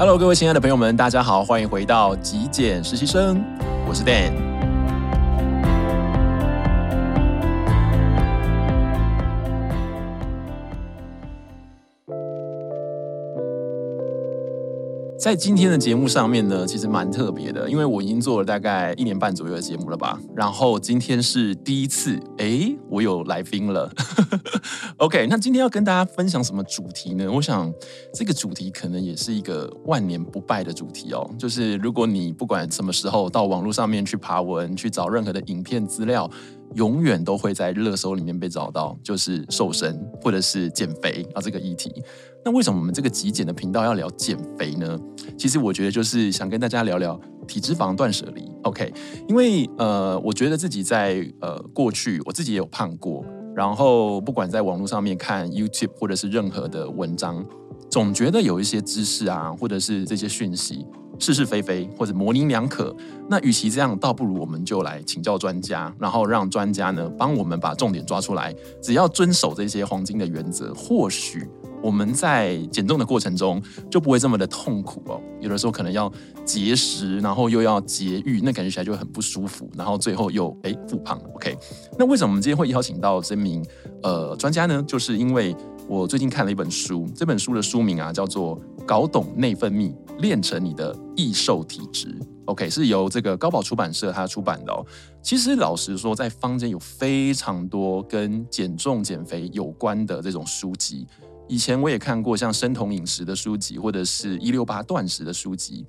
Hello，各位親愛的朋友們，大家好，歡迎回到極簡實習生，我是 Dan。在今天的節目上面呢，其實蠻特別的，因為我已經做了大概一年半左右的節目了吧。然後今天是第一次，哎，我有來賓了。 OK，那今天要跟大家分享什麼主題呢？我想這個主題可能也是一個萬年不敗的主題哦，就是如果你不管什麼時候到網絡上面去爬文，去找任何的影片資料。永遠都會在熱搜裡面被找到，就是瘦身或者是減肥啊，這個議題。那為什麼我們這個極簡的頻道要聊減肥呢？其實我覺得就是想跟大家聊聊體脂肪斷舍離。OK，因為呃，我覺得自己在呃過去，我自己也有胖過，然後不管在網絡上面看 YouTube 或者是任何的文章，總覺得有一些知識啊，或者是這些訊息，是是非非或者模棱兩可，那與其這樣，倒不如我們就來請教專家，然後讓專家呢幫我們把重點抓出來。只要遵守這些黃金的原則，或許我們在減重的過程中就不會這麼的痛苦哦。有的時候可能要節食，然後又要節欲，那感覺起來就很不舒服，然後最後又哎復胖了。OK，那為什麼我們今天會邀請到這名呃專家呢？就是因為我最近看了一本書，這本書的書名啊叫做《搞懂內分泌》。練成你的易瘦體質，OK，是由這個高寶出版社它出版的哦。其實老實說，在坊間有非常多跟減重減肥有關的這種書籍，以前我也看過像生酮飲食的書籍，或者是一六八斷食的書籍。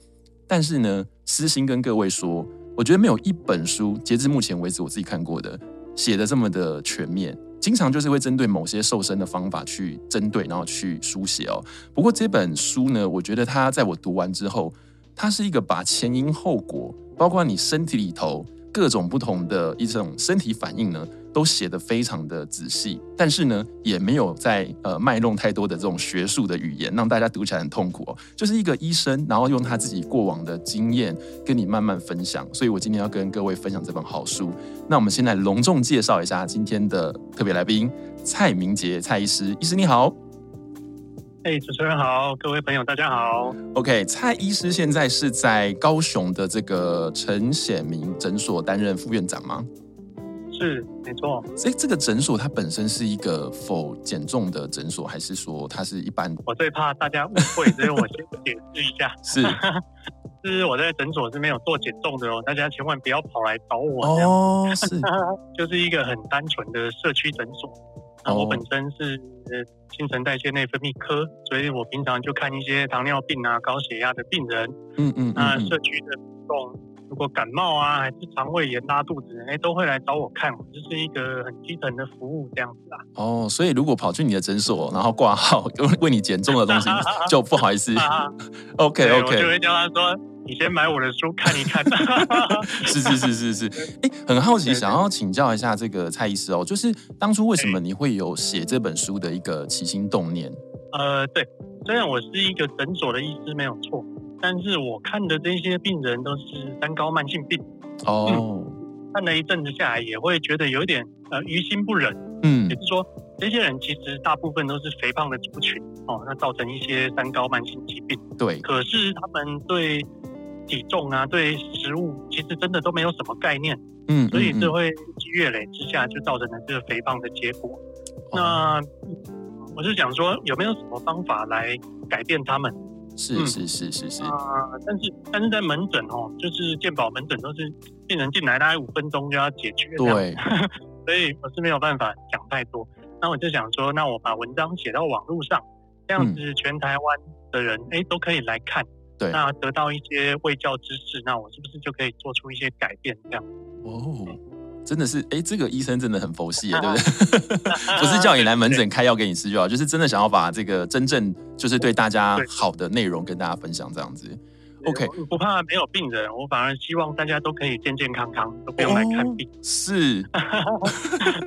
但是呢，私心跟各位說，我覺得沒有一本書截至目前為止我自己看過的寫得這麼的全面。經常就是會針對某些瘦身的方法去針對，然後去書寫哦。不過這本書呢，我覺得它在我讀完之後，它是一個把前因後果，包括你身體裡頭各種不同的一種身體反應呢。都寫得非常的仔細，但是呢，也沒有在呃賣弄太多的這種學術的語言，讓大家讀起來很痛苦哦。就是一個醫生，然後用他自己過往的經驗跟你慢慢分享。所以我今天要跟各位分享這本好書。那我們先來隆重介紹一下今天的特別來賓，蔡明劼蔡醫師，醫師你好。哎，hey, 主持人好，各位朋友大家好。OK，蔡醫師現在是在高雄的這個陳顯明診所擔任副院長嗎？是，沒錯，所以這個診所它本身是一個否減重的診所，還是說它是一般？我最怕大家誤會，所以我先解釋一下。 是， 是我在診所是沒有做減重的哦，大家千萬不要跑來找我哦。是， 就是一個很單純的社區診所。那、哦啊、我本身是新陳、呃、代謝內分泌科，所以我平常就看一些糖尿病啊、高血壓的病人。嗯嗯那、嗯啊、社區的活動。如果感冒啊，還是腸胃炎、拉肚子，人家都會來找我看。就是一個很基層的服務這樣子啦，啊。哦，所以如果跑去你的診所，然後掛號，為為你減重的東西， 就不好意思。OK OK，我就會叫他說：“你先買我的書 看一看。 ”是是是是是。哎，很好奇，對對想要請教一下這個蔡醫師哦，就是當初為什麼你會有寫這本書的一個起心動念？呃，對，雖然我是一個診所的醫師，沒有錯。但是我看的這些病人都是三高慢性病哦、oh. 嗯，看了一陣子下來也會覺得有點呃於心不忍，嗯，也就是說，這些人其實大部分都是肥胖的族群哦，那造成一些三高慢性疾病，對，可是他們對體重啊、對食物其實真的都沒有什麼概念，嗯，嗯，嗯，所以就會日積月累之下就造成了這個肥胖的結果。Oh. 那我是想說有沒有什麼方法來改變他們？是，嗯、是是是是是啊，但是但是在門診哦、喔，就是健保門診都是病人進來大概五分鐘就要解決，對呵呵，所以我是沒有辦法講太多。那我就想說，那我把文章寫到網絡上，這樣子全台灣的人哎、嗯欸、都可以來看，對，那得到一些衛教知識，那我是不是就可以做出一些改變這樣哦。欸真的是，哎，這個醫生真的很佛系，對不對？哈哈哈哈 不是叫你來門診開藥給你吃就好，對就是真的想要把這個真正就是對大家好的內容跟大家分享這樣子。對 OK，我不怕沒有病人，我反而希望大家都可以健健康康，都不用來看病。Oh, 是，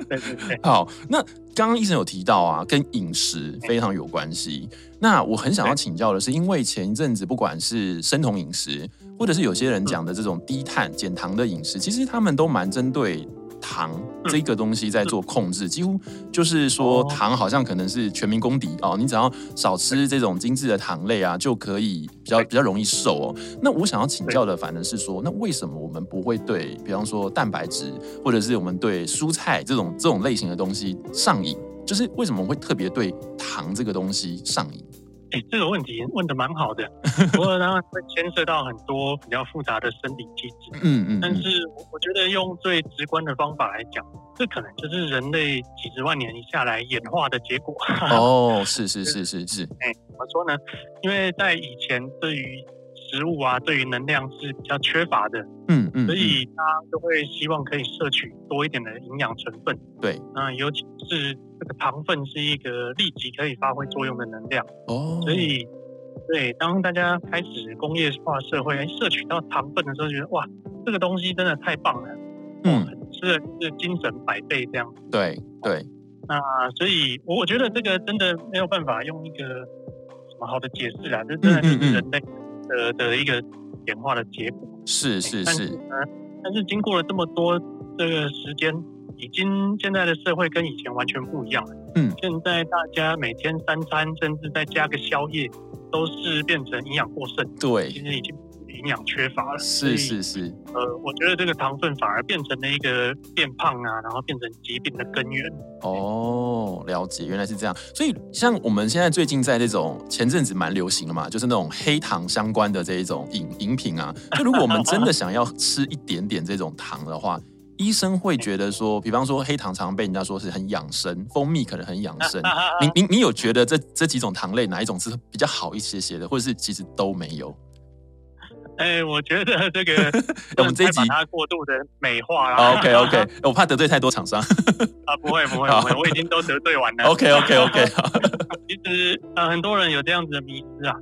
對對對。好，那剛剛醫生有提到啊，跟飲食非常有關係。對那我很想要請教的是，對因為前一陣子不管是生酮飲食。或者是有些人講的這種低碳、減糖的飲食，其實他們都蠻針對糖這個東西在做控制，幾乎就是說糖好像可能是全民公敵哦，你只要少吃這種精致的糖類啊，就可以比較比較容易瘦哦。那我想要請教的反正是說，那為什麼我們不會對，比方說蛋白質或者是我們對蔬菜這種這種類型的東西上癮？就是為什麼我們會特別對糖這個東西上癮？欸、這個問題問得蠻好的，不過它會牽涉到很多比較複雜的生理機制。嗯嗯，但是我覺得用最直觀的方法來講，這可能就是人類幾十萬年下來演化的結果。哦，是是是是是，是。哎、欸，怎麼說呢？因為在以前對於食物啊，對於能量是比較缺乏的，嗯嗯，嗯嗯，所以他、啊、就會希望可以攝取多一點的營養成分。對，那、呃、尤其是這個糖分是一個立即可以發揮作用的能量。哦，所以對，當大家開始工業化社會攝取到糖分的時候，覺得哇，這個東西真的太棒了，嗯，吃了、哦、是、是精神百倍這樣。對對，那、啊、所以我覺得這個真的沒有辦法用一個什麼好的解釋啊，這真的是人類的、嗯。嗯嗯的的一個演化的結果是是是，但是，但是經過了這麼多這個時間，已經現在的社會跟以前完全不一樣了。嗯，現在大家每天三餐，甚至再加個宵夜，都是變成營養過剩。對，其實已經營養缺乏了。是是是。是是以呃，我覺得這個糖分反而變成了一個變胖啊然後變成疾病的根源。哦，了解，原來是這樣。所以像我們現在最近在那種前陣子蠻流行的嘛，就是那種黑糖相關的這一種飲飲品啊。那如果我們真的想要吃一點點這種糖的話， 醫生會覺得說，比方說黑糖常常被人家說是很養生，蜂蜜可能很養生。 你你你有覺得這這幾種糖類哪一種是比較好一些些的，或者是其實都沒有？哎，我覺得這個我們自己把它過度的美化了。OK OK，我怕得罪太多廠商。啊，不會不會不會，我已經都得罪完了。OK OK OK。其實呃，很多人有這樣子的迷思啊，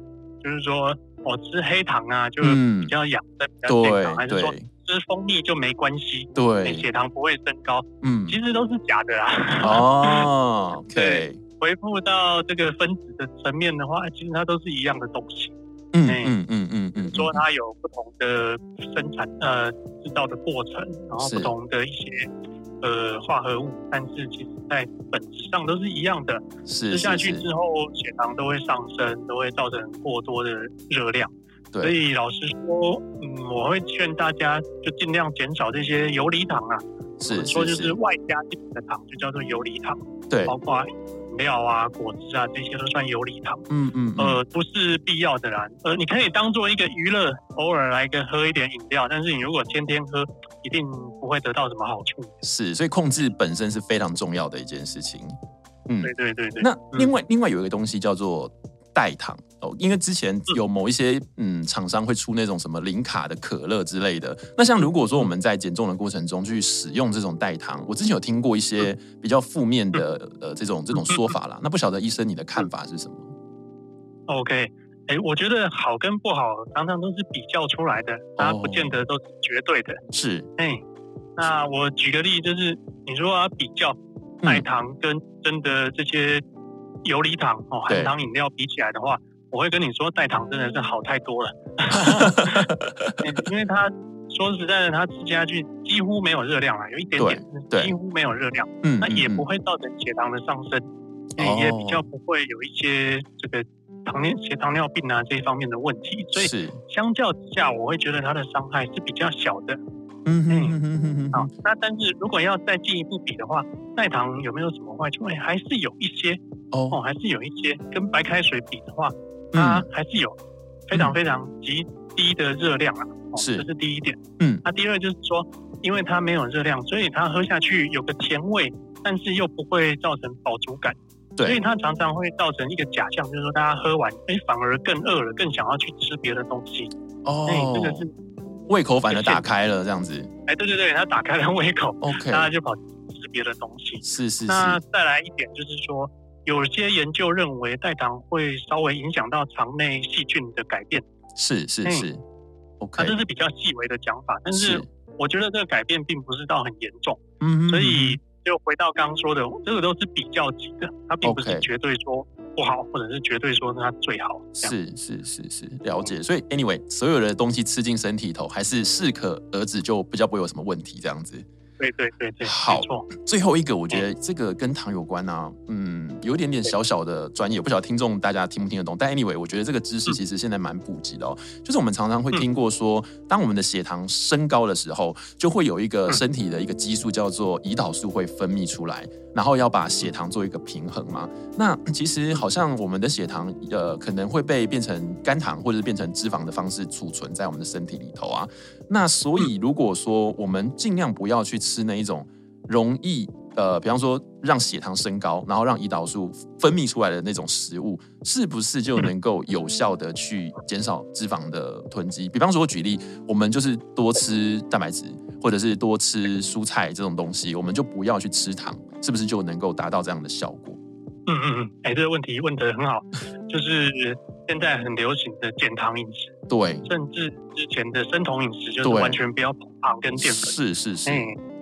就是說我吃黑糖啊，就是比較養生，對比較健康，還是說吃蜂蜜就沒關係，對血糖不會升高。嗯，其實都是假的啊。哦，對，回復到這個分子的層面的話，其實它都是一樣的東西。嗯嗯嗯嗯嗯，嗯嗯嗯嗯嗯，說它有不同的生產呃製造的過程，然後不同的一些是呃化合物，但是其實在本質上都是一樣的。吃下去之後血糖都會上升，都會造成過多的熱量。對所以老實說，嗯，我會勸大家就盡量減少這些游離糖啊。是，是，是說就是外加進的糖，就叫做游離糖。對，包括、料啊，果汁啊，這些都算游離糖，嗯嗯，嗯嗯呃，不是必要的啦，呃，你可以當做一個娛樂，偶爾來一個喝一點飲料，但是你如果天天喝，一定不會得到什麼好處。是，所以控制本身是非常重要的一件事情。嗯，對對對對。那另外、嗯、另外有一個東西叫做代糖。哦、因為之前有某一些嗯廠、嗯、商會出那種什麼零卡的可樂之類的，那像如果說我們在減重的過程中去使用這種代糖，我之前有聽過一些比較負面的、嗯、呃這種這種說法啦。那不曉得醫生你的看法是什麼？OK，哎、欸，我覺得好跟不好常常都是比較出來的，家、哦、不見得都是絕對的。是，哎、欸，那我舉個例，就是你說、啊、比較代糖跟真的這些游離糖哦、嗯、含糖飲料比起來的話。我會跟你說，代糖真的是好太多了， 因為他說實在的，它吃下去幾乎沒有熱量啊，有一點點，對，幾乎沒有熱量，嗯，那也不會造成血糖的上升，嗯、也比較不會有一些這個糖尿、血糖尿病啊這一方面的問題，所以相較之下，是我會覺得它的傷害是比較小的，嗯嗯嗯嗯，嗯嗯好，那但是如果要再進一步比的話，代糖有沒有什麼壞處？還是有一些哦，哦，還是有一些跟白開水比的話。他、嗯、還是有非常非常極、嗯、低的熱量啊，哦、是，這是第一點。嗯，那、啊、第二就是說，因為它沒有熱量，所以它喝下去有個甜味，但是又不會造成飽足感。對所以它常常會造成一個假象，就是說大家喝完，哎、欸，反而更餓了，更想要去吃別的東西。哦，這個是胃口反而打開了這樣子。哎、欸，對對對，他打開了胃口 OK，大家就跑去吃別的東西。是、是是。那再來一點就是說。有些研究認為，代糖會稍微影響到腸內細菌的改變。是是是，我看，欸 Okay. 啊，這是比較細微的講法。但是我覺得這個改變並不是到很嚴重。嗯嗯，是。所以就回到剛剛說的，這個都是比較級的，它並不是絕對說不好，Okay. 或者是絕對說是它最好是。是是是是，了解。所以 Anyway，所有的東西吃進身體頭，還是適可而止，就比較不會有什麼問題這樣子。對對對對，好，沒錯最後一個，我覺得這個跟糖有關啊，嗯，有一點點小小的專業，對不曉得聽眾大家聽不聽得懂，但 anyway，我覺得這個知識其實現在蠻普及的哦，嗯、就是我們常常會聽過說，嗯、當我們的血糖升高的時候，就會有一個身體的一個激素叫做胰島素會分泌出來，然後要把血糖做一個平衡嘛，那其實好像我們的血糖呃可能會被變成肝糖或者是變成脂肪的方式儲存在我們的身體裡頭啊，那所以如果說我們盡量不要去。吃那一種容易呃，比方說讓血糖升高，然後讓胰島素分泌出來的那種食物，是不是就能夠有效地去減少脂肪的囤積？嗯、比方說，我舉例，我們就是多吃蛋白質，或者是多吃蔬菜這種東西，我們就不要去吃糖，是不是就能夠達到這樣的效果？嗯嗯嗯，哎，這個問題問得很好， 就是現在很流行的減糖飲食，對，甚至之前的生酮飲食，就是對完全不要碰糖跟澱粉，是是是。嗯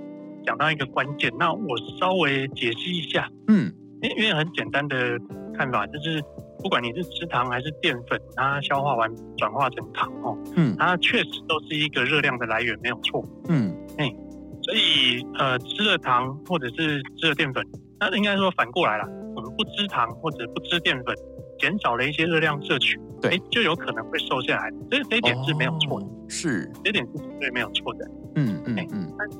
講到一個關鍵，那我稍微解析一下。嗯，因為很簡單的看法，就是不管你是吃糖還是澱粉，它消化完轉化成糖哦，嗯，它確實都是一個熱量的來源，沒有錯。嗯，嗯，所以呃，吃了糖或者是吃了澱粉，那應該說反過來了，我們不吃糖或者不吃澱粉，減少了一些熱量攝取，對、欸，就有可能會瘦下來。所以這一點是沒有錯的，oh, 是，這一點是絕對沒有錯的。嗯嗯嗯，但，但是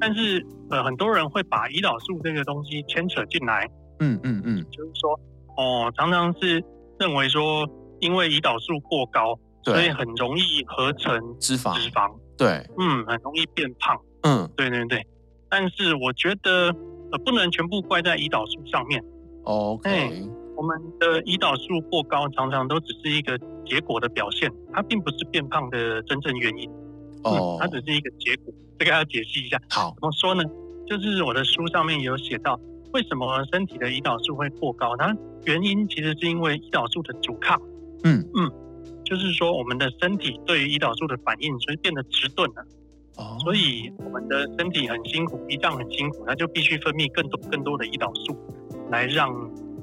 但是呃，很多人會把胰島素這個東西牽扯進來。嗯嗯嗯，嗯嗯就是說哦，常常是認為說，因為胰島素過高，對，所以很容易合成脂肪，脂肪，對，嗯，很容易變胖。嗯，對對對。但是我覺得呃，不能全部怪在胰島素上面。OK，欸，我們的胰島素過高，常常都只是一個結果的表現，它並不是變胖的真正原因。哦、嗯，它只是一個結果，oh. 這個要解析一下。好，怎麼說呢？就是我的書上面有寫到，為什麼身體的胰島素會過高呢？它原因其實是因為胰島素的阻抗。嗯嗯，就是說我們的身體對於胰島素的反應，所以變得遲鈍了。哦，oh. 所以我們的身體很辛苦，胰臟很辛苦，那就必須分泌更多更多的胰島素，來讓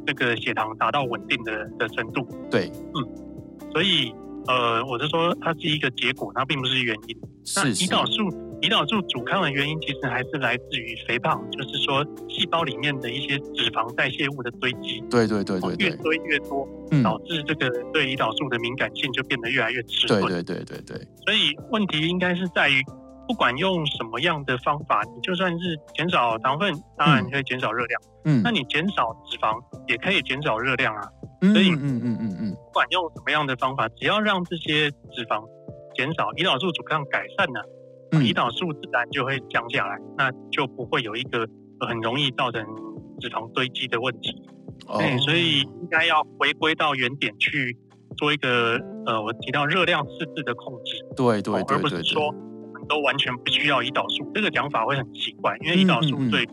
這個血糖達到穩定的的程度。對，嗯，所以呃，我是說它是一個結果，它並不是原因。那胰島素是是胰島素阻抗的原因，其實還是來自於肥胖，就是說細胞裡面的一些脂肪代謝物的堆積。對對對，對，對、哦、越堆越多，嗯、導致這個對胰島素的敏感性就變得越來越遲鈍。對，對對對對對。所以問題應該是在於，不管用什麼樣的方法，你就算是減少糖分，當然你可以減少熱量。嗯。那你減少脂肪也可以減少熱量啊。嗯。所以嗯嗯嗯嗯，不管用什麼樣的方法，只要讓這些脂肪減少胰島素阻抗改善呢，胰島素嗯、自然就會降下來，那就不會有一個很容易造成脂肪堆積的問題。哦、對，所以應該要回歸到原點去做一個呃，我提到熱量赤字的控制。對對，對，對，對，對，而不是說我們都完全不需要胰島素，這個講法會很奇怪，因為胰島素對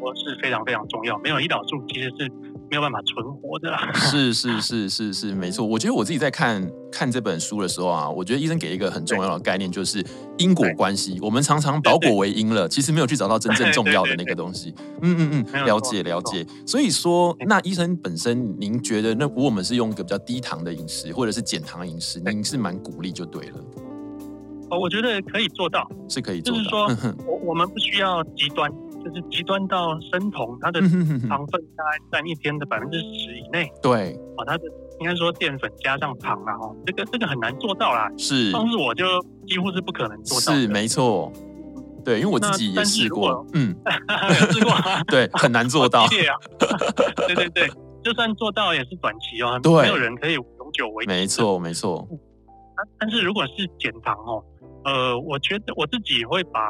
我是非常非常重要。沒有胰島素其實是。沒有辦法存活的啦。 是，是是是是是沒錯。我覺得我自己在看看這本書的時候啊，我覺得醫生給一個很重要的概念就是因果關係。對我們常常倒果為因了，對對對，其實沒有去找到真正重要的那個東西。對對對對對，嗯嗯嗯，了解了解。所以說，對那醫生本身，您覺得那我們是用一個比較低糖的飲食，或者是減糖飲食，您是蠻鼓勵就對了？哦，我覺得可以做到，是可以做到，就是說 我我們不需要極端，就是極端到生酮，它的糖分大概占一天的百分之十以內。對，啊、哦，它的應該說澱粉加上糖了、啊、哦，這個這個很難做到啦。是，當時我就幾乎是不可能做到。是，沒錯。對，因為我自己也試過，嗯， 試過， 對，很難做到。啊、 對對對，就算做到也是短期哦，對沒有人可以永久維持。沒錯，沒錯。但是如果是減糖哦，呃，我覺得我自己會把，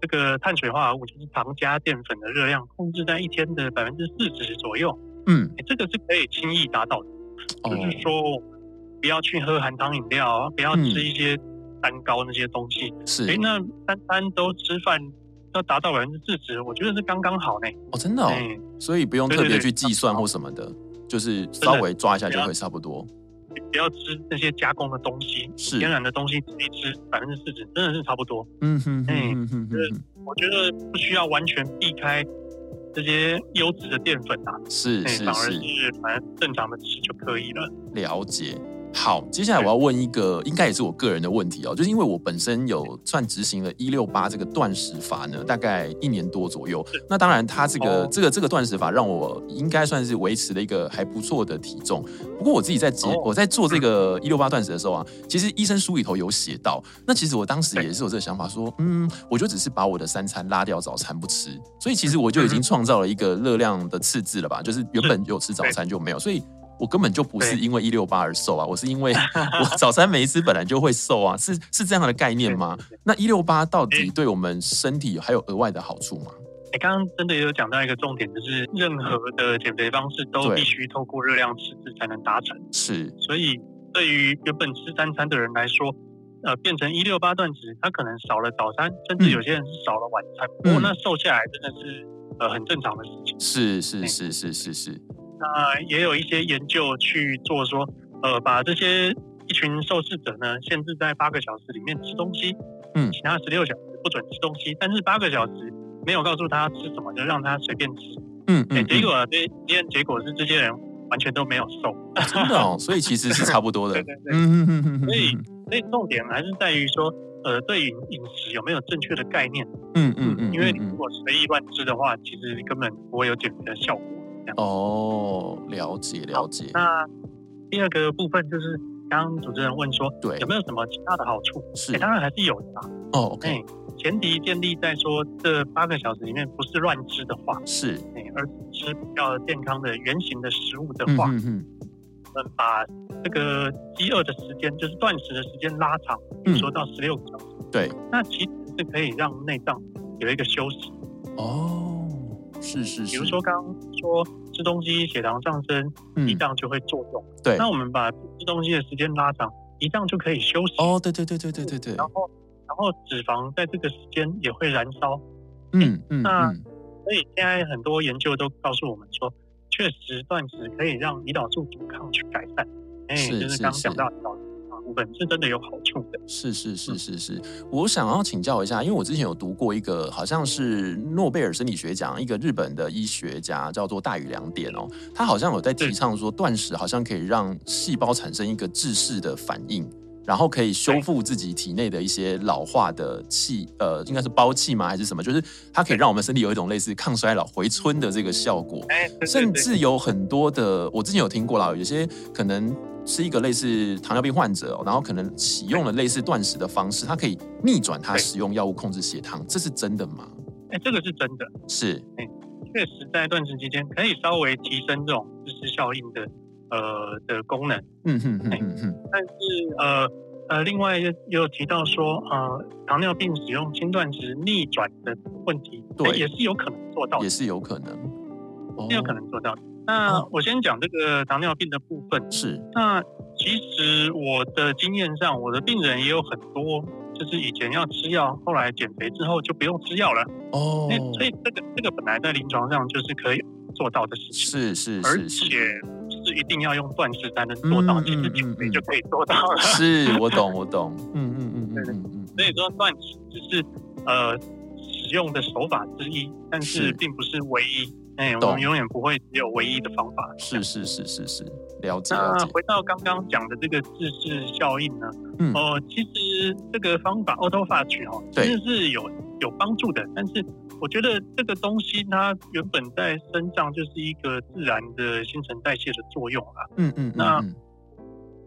這個碳水化合物就是糖加澱粉的熱量，控制在一天的百分之四十左右。嗯、欸，這個是可以輕易達到的。哦、就是說，不要去喝含糖飲料，不要吃一些蛋糕那些東西。嗯、是，哎、欸，那單單都吃飯要達到百分之四十，我覺得是剛剛好呢。哦，真的哦，嗯、所以不用特別去計算或什麼的，對對對，就是稍微抓一下的就會差不多。不要吃那些加工的東西，是天然的東西你吃百分之四十，真的是差不多。嗯嗯嗯，就是、我覺得不需要完全避開這些優質的澱粉啊，是，是、嗯，反而是反正正常的吃就可以了。了解。好，接下來我要問一個，應該也是我個人的問題哦，就是因為我本身有算執行了“一六八”這個斷食法呢，大概一年多左右。那當然，它這個這個這個斷食法讓我應該算是維持了一個還不錯的體重。不過我自己在執我在做這個“一六八”斷食的時候啊，其實醫生書裡頭有寫到，那其實我當時也是有這個想法說，嗯，我就只是把我的三餐拉掉，早餐不吃，所以其實我就已經創造了一個熱量的赤字了吧？就是原本就有吃早餐就沒有，所以。我根本就不是因為一六八而瘦啊，對我是因為我早餐沒吃，本來就會瘦啊， 是是這樣的概念嗎？那一六八到底對我們身體還有額外的好處嗎？你剛剛真的也有講到一個重點，就是任何的減肥方式都必須透過熱量赤字才能達成。是對，所以對於原本吃三餐的人來說，呃，變成一六八斷食，他可能少了早餐，嗯、甚至有些人是少了晚餐，嗯、不過那瘦下來真的是呃很正常的事情。是是是是是是。那也有一些研究去做說，呃，把這些一群受試者呢限制在八個小時裡面吃東西，嗯，其他十六小時不准吃東西，但是八個小時沒有告訴他吃什麼，就讓他隨便吃，嗯嗯，結、嗯、果、嗯、欸、這實驗結果是這些人完全都沒有瘦、啊，真的、哦，所以其實是差不多的，對對 對，對對 所以所以重點還是在於說，呃，對飲飲食有沒有正確的概念，嗯嗯嗯，嗯嗯嗯，因為你如果隨意亂吃的話，嗯嗯、其實根本不會有減肥的效果。哦，了解了解。那第二個部分就是剛剛主持人問說，對，有沒有什麼其他的好處？是、欸，當然還是有的吧。哦，哎、okay 欸，前提建立在說這八個小時裡面不是亂吃的話，是，欸、而是吃比較健康的原型的食物的話，嗯哼哼，我們把這個飢餓的時間就是斷食的時間拉長，嗯，比如說到十六個小時，對，那其實是可以讓內臟有一個休息。哦。是是是，比如說剛剛說吃東西血糖上升，胰臟、嗯、就會作用。對，那我們把吃東西的時間拉長，胰臟就可以休息。哦，對對對對對對對。然後，然後脂肪在這個時間也會燃燒。嗯嗯。欸、那嗯嗯所以現在很多研究都告訴我們說，確實斷食可以讓胰島素阻抗去改善。哎、欸，是是是就是剛，剛講到胰島。是是是，本身真的有好處的。是是是是是，嗯，我想要請教一下，因為我之前有讀過一個，好像是諾貝爾生理學獎一個日本的醫學家，叫做大隅良典哦，他好像有在提倡說，斷對食好像可以讓細胞產生一個自噬的反應。然後可以修復自己體內的一些老化的氣，欸、呃，應該是胞氣嘛，還是什麼？就是它可以讓我們身體有一種類似抗衰老、回春的這個效果。欸、對對對，甚至有很多的，我之前有聽過啦，有些可能是一個類似糖尿病患者，然後可能啟用了類似斷食的方式，欸、它可以逆轉它使用藥物控制血糖，欸、這是真的嗎？哎、欸，這個是真的，是，哎、欸，確實，在斷食期間可以稍微提升這種脂質效應的。呃的功能，嗯嗯嗯。但是呃呃，另外又又提到說，呃，糖尿病使用輕斷食逆轉的問題，對、呃，也是有可能做到，也是有可能，是、哦、有可能做到。那、哦、我先講這個糖尿病的部分，是。那其實我的經驗上，我的病人也有很多，就是以前要吃藥，後來減肥之後就不用吃藥了。哦，所，所以這個這個本來在臨床上就是可以做到的事情，是是是，是是而且，一定要用斷食才能做到，嗯嗯嗯嗯、其實就可以做到了。是我懂，我懂。嗯嗯嗯嗯嗯嗯。所以說、就是，斷食只是呃使用的手法之一，但是並不是唯一。哎，我們永遠不會只有唯一的方法。是是是是是。了解，了解。那回到剛剛講的這個自噬效應呢？哦、嗯呃，其實這個方法 autophagy 哦，真的是有。有幫助的，但是我覺得這個東西它原本在身上就是一個自然的新陳代謝的作用啊。嗯嗯，嗯，那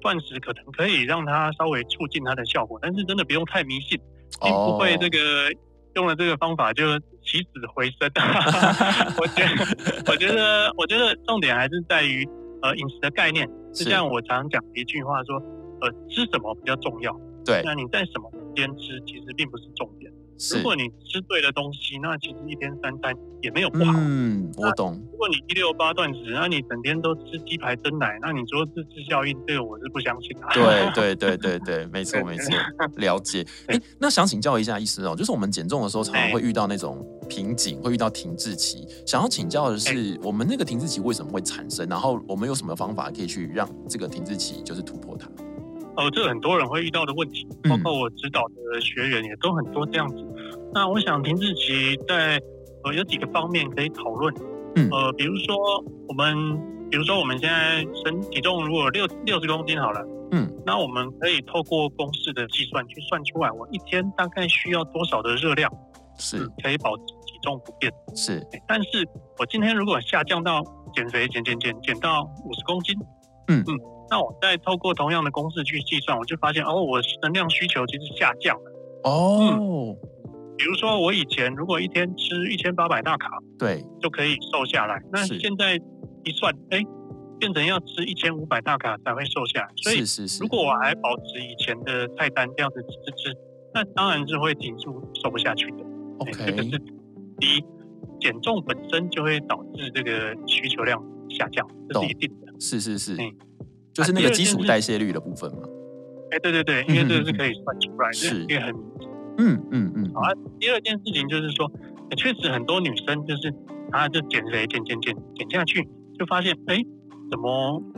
斷食可能可以讓它稍微促進它的效果，但是真的不用太迷信，並不會這個、oh. 用了這個方法就起死回生、啊。 我覺得，我覺得，我覺得重點還是在於呃飲食的概念，是就像我常講的一句話說，呃，吃什麼比較重要？對，那你在什麼時間吃其實並不是重點。是如果你吃對的東西，那其實一天三餐也沒有不好。嗯，我懂。如果你一六八斷食，那你整天都吃雞排、珍奶，那你說自噬效應，這個我是不相信的、啊。對對對對對， 沒錯沒錯， 了解、欸。那想請教一下醫師哦、喔，就是我們減重的時候，常常會遇到那種瓶頸，會遇到停滯期。想要請教的是，欸、我們那個停滯期為什麼會產生？然後我們有什麼方法可以去讓這個停滯期就是突破它？哦、呃，這很多人會遇到的問題，包括我指導的學員也都很多這樣子。嗯、那我想停滯期在呃有幾個方面可以討論，嗯，呃，比如說我們，比如說我們現在身體重如果六六十公斤好了，嗯，那我們可以透過公式的計算去算出來，我一天大概需要多少的熱量，是、呃、可以保持體重不變，是。但是我今天如果下降到減肥減減減減，減到五十公斤，嗯嗯。嗯那我再透過同樣的公式去計算，我就發現哦，我能量需求其實下降了。哦、oh. 嗯，比如說我以前如果一天吃一千八百大卡，對，就可以瘦下來。是那現在一算，哎、欸，變成要吃一千五百大卡才會瘦下來。所以，是是是，如果我還保持以前的菜單這樣子吃吃，那當然是會停住瘦不下去的。OK，這個、欸、是第一，減重本身就會導致這個需求量下降，懂這是一定的。是是是，嗯。就是那個基礎代謝率的部分嘛。哎、啊欸，對對對，因為這個是可以算出來，嗯、是，也很明顯嗯嗯嗯。嗯嗯好啊，第二件事情就是說，欸、確實很多女生就是她、啊、就減肥減減減減下去，就發現哎、欸，怎麼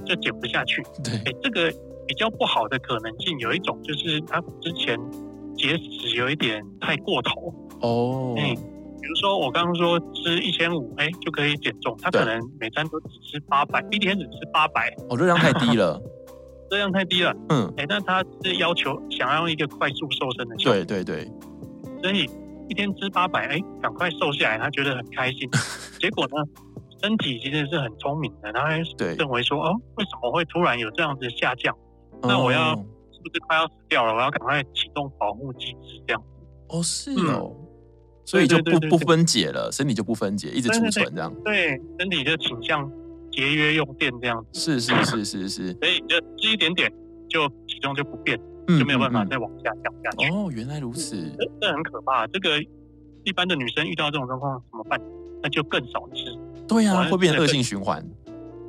就減不下去？哎對、欸，這個比較不好的可能性有一種就是她之前節食有一點太過頭哦。嗯。比如說，我剛剛說吃一千五，哎，就可以減重。他可能每餐都只吃八百對，一天只吃八百。哦，熱量太低了，熱 量太低了。嗯，哎，但他是要求想要一個快速瘦身的。對。對對對。所以一天吃八百，哎，趕快瘦下來，他覺得很開心。 結果呢，身體其實是很聰明的，他還是認為說，對哦，為什麼會突然有這樣子下降？嗯，那我要是不是快要死掉了？我要趕快啟動保護機制，這樣子。哦，是哦。嗯所以就不不分解了，身體就不分解，一直儲存這樣。對，身體就傾向節約用電這樣子。是是是是是，所以就吃一點點，就體重就不變，就沒有辦法再往下降下去。哦，原來如此，這很可怕。這個一般的女生遇到這種狀況怎麼辦？那就更少吃。對呀，會變成惡性循環。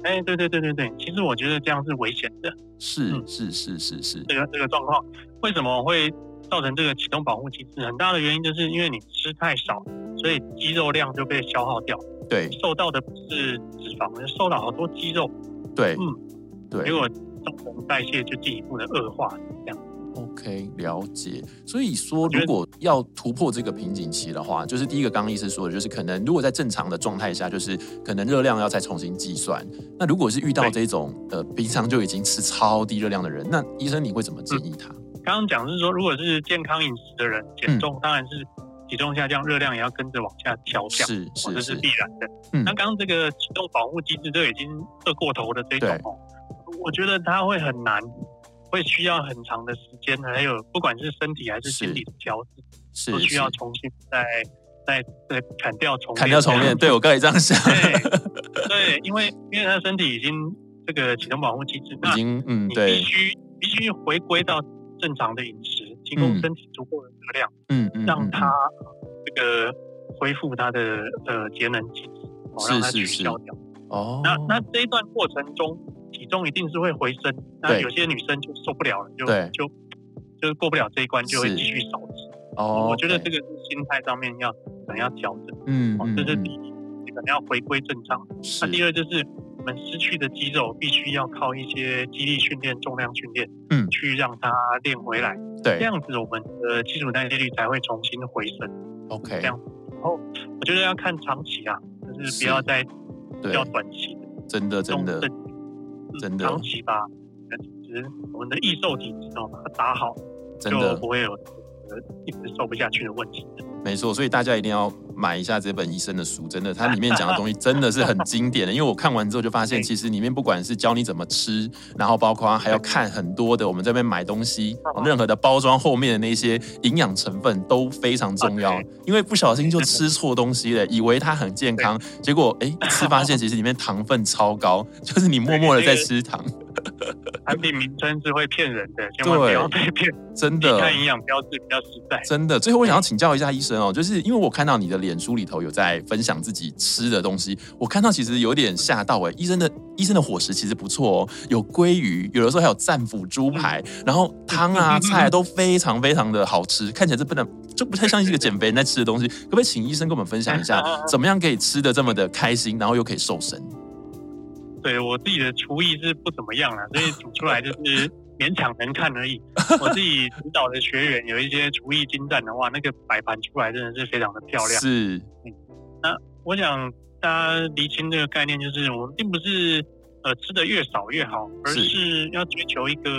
哎，對對對對對，其實我覺得這樣是危險的。是是是是是，這個這個狀況為什麼會？造成這個啟動保護機制很大的原因，就是因為你吃太少，所以肌肉量就被消耗掉。對，受到的不是脂肪，就受到好多肌肉。對，嗯，對，結果新陳代謝就進一步的惡化這樣。OK，了解。所以說，如果要突破這個瓶頸期的話，就是第一個剛剛醫師說的，就是可能如果在正常的狀態下，就是可能熱量要再重新計算。那如果是遇到這種對呃平常就已經吃超低熱量的人，那醫生你會怎麼建議他？嗯剛剛講是說，如果是健康飲食的人減重，嗯、當然是體重下降，熱量也要跟着往下調降，是是是必然的。嗯、那剛剛這個啟動保護機制都已經餓過頭的這種哦，對我覺得他會很難，會需要很長的時間，還有不管是身體還是心理的調整，是是是都需要重新再再對，砍掉重練，砍掉重練，對，我剛才這樣想對。 對，因為因為他身體已經這個啟動保護機制，已經嗯，必須，對，必須必須回歸到。正常的飲食，提供身體足夠的熱量，嗯讓它這個恢復它的呃節能機制，讓它取消掉。哦，那那這一段過程中，體重一定是會回升。那有些女生就受不了了，就就就是過不了這一關，就會繼續少吃。哦，我覺得這個是心態上面要可能要調整，嗯這是第一，可能要回歸正常。那第二就是。我們失去的肌肉必須要靠一些肌力訓練、重量訓練，嗯，去讓它練回來。嗯、對，這樣子我們的基礎代謝率才會重新回升。OK，這樣子，然後我覺得要看長期啊，是就是不要再要短期的，真的真的真的長期把體質、是我們的易瘦體質哦，把它打好，真的就不會有。一直瘦不下去的問題。沒錯，所以大家一定要買一下這本醫生的書，真的，它裡面講的東西真的是很經典的。因為我看完之後就發現，其實裡面不管是教你怎麼吃，然後包括還要看很多的，我們這邊買東西，任何的包裝後面的那些營養成分都非常重要。因為不小心就吃錯東西了，以為它很健康，結果哎，一吃發現其實裡面糖分超高，就是你默默的在吃糖。那個，產品名稱是會騙人的，千萬不要被騙。真的，看營養標誌比較實在。真的，最後我想要請教一下醫生哦、喔，嗯、就是因為我看到你的臉書裡頭有在分享自己吃的東西，我看到其實有點嚇到哎、欸。醫生的醫生的伙食其實不錯哦、喔，有鮭魚，有的時候還有戰斧豬排，嗯、然後湯啊、嗯、菜啊都非常非常的好吃，嗯、看起來，這不能就不太像一個減肥人在吃的東西。 可不可以請醫生跟我們分享一下，怎麼樣可以吃得這麼的開心，然後又可以瘦身？對我自己的廚藝是不怎麼樣了，所以煮出來就是勉強能看而已。 我自己指導的學員有一些廚藝精湛的話，那個擺盤出來真的是非常的漂亮。是嗯，那我想大家釐清這個概念，就是我們並不是呃吃的越少越好，而是要追求一個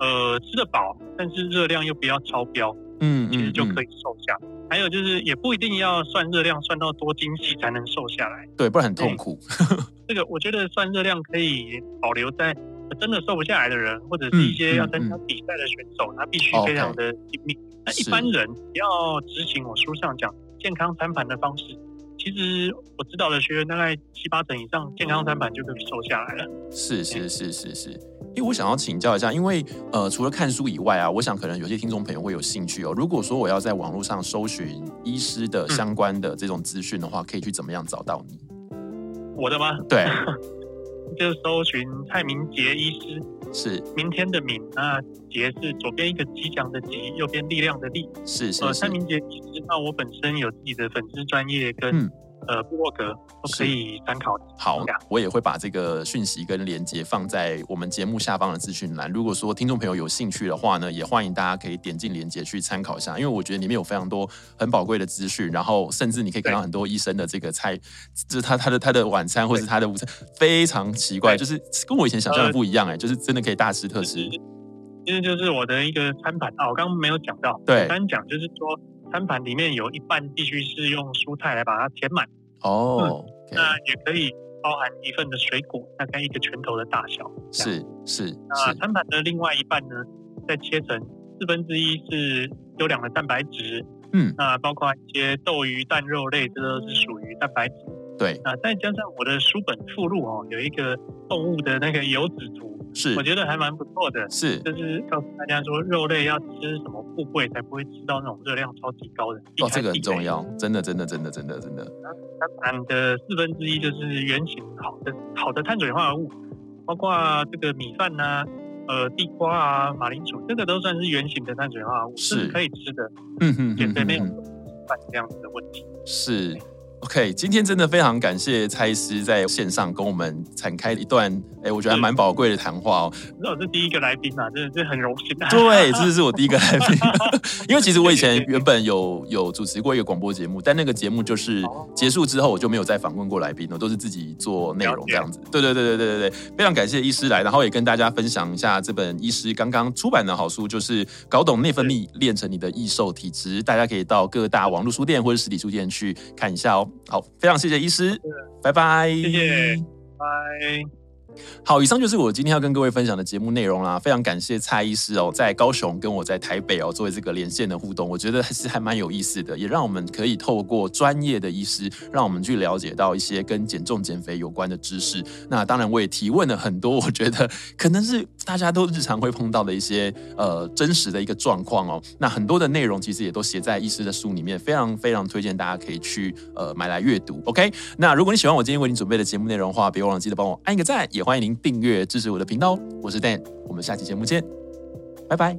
呃吃的飽，但是熱量又不要超標。嗯，嗯嗯，其實就可以瘦下來。還有就是，也不一定要算熱量算到多精細才能瘦下來，對，不然很痛苦。欸、 這個我覺得算熱量可以保留在真的瘦不下來的人，或者是一些要參加比賽的選手，嗯嗯、他必須非常的精密。Okay. 那一般人要執行我書上講健康餐盤的方式，是其實我指導的學員大概七八成以上健康餐盤就可以瘦下來了。是是是是是。是是是是因為我想要請教一下，因為呃，除了看書以外啊，我想可能有些聽眾朋友會有興趣哦。如果說我要在網絡上搜尋醫師的相關的這種資訊的話，嗯、可以去怎麼樣找到你？我的嗎？對， 就搜尋蔡明劼醫師，是明天的明，那、呃、劼是左邊一個吉祥的吉，右邊力量的力，是是蔡、呃、明劼其實。那我本身有自己的粉絲專頁跟、嗯。呃，布洛格都可以參考好，樣我也會把這個訊息跟連接放在我們節目下方的資訊欄。如果說聽眾朋友有興趣的話呢，也歡迎大家可以點進連接去參考一下。因為我覺得裡面有非常多很寶貴的資訊，然後甚至你可以看到很多醫生的這個菜，對就是他他的他的晚餐或者是他的午餐，對非常奇怪，對就是跟我以前想象的不一樣哎、欸，呃、就是真的可以大吃特吃。這、就是、就是我的一個餐盤啊，我剛剛沒有講到，對，簡單講就是說。餐盤裡面有一半必須是用蔬菜來把它填滿哦、oh, okay. 嗯，那也可以包含一份的水果，大概一個拳頭的大小。是是，那、啊、是餐盤的另外一半呢，再切成四分之一是優良的蛋白質，嗯，那、啊、包括一些豆魚、蛋肉類，這都是屬於蛋白質。對，那再、啊、加上我的書本附錄哦，有一個動物的那個油脂圖。是，我覺得還蠻不錯的。是，就是告訴大家說，肉類要吃什麼部位才不會吃到那種熱量超級高的？哦，這個很重要，真的，真的，真的，真的，真的、啊。它、啊、的、啊、四分之一就是原型好的好的碳水化合物，包括這個米飯吶、啊，呃，地瓜啊，馬鈴薯，這個都算是原型的碳水化合物，是可以吃的。嗯嗯，減肥沒有什麼這樣子的問題。是。Okay. OK，今天真的非常感謝蔡醫師在線上跟我們展開一段，欸、我覺得還蠻寶貴的談話哦、喔。你是，是我是第一個來賓嘛、啊，真的是很榮幸對，這是我第一個來賓。 因為其實我以前原本有有主持過一個廣播節目，但那個節目就是結束之後我就沒有再訪問過來賓了，我都是自己做內容這樣子。對對解對對對對對，非常感謝醫師來，然後也跟大家分享一下這本醫師剛剛出版的好書，就是《搞懂內分泌，練是成你的易瘦體質》，大家可以到各大網絡書店或者實體書店去看一下哦、喔。好，非常謝謝醫師，對了，拜拜，謝謝，拜。好，以上就是我今天要跟各位分享的節目內容啦。非常感謝蔡醫師哦，在高雄跟我在台北哦，做這個連線的互動，我覺得還是還蠻有意思的，也讓我們可以透過專業的醫師，讓我們去了解到一些跟減重減肥有關的知識。那當然，我也提問了很多，我覺得可能是大家都日常會碰到的一些呃真實的一個狀況哦。那很多的內容其實也都寫在醫師的書裡面，非常非常推薦大家可以去呃買來閱讀。OK，那如果你喜歡我今天為你準備的節目內容的話，別忘了記得幫我按一個讚歡迎您訂閱支持我的頻道哦，我是 Dan，我們下期節目見，拜拜。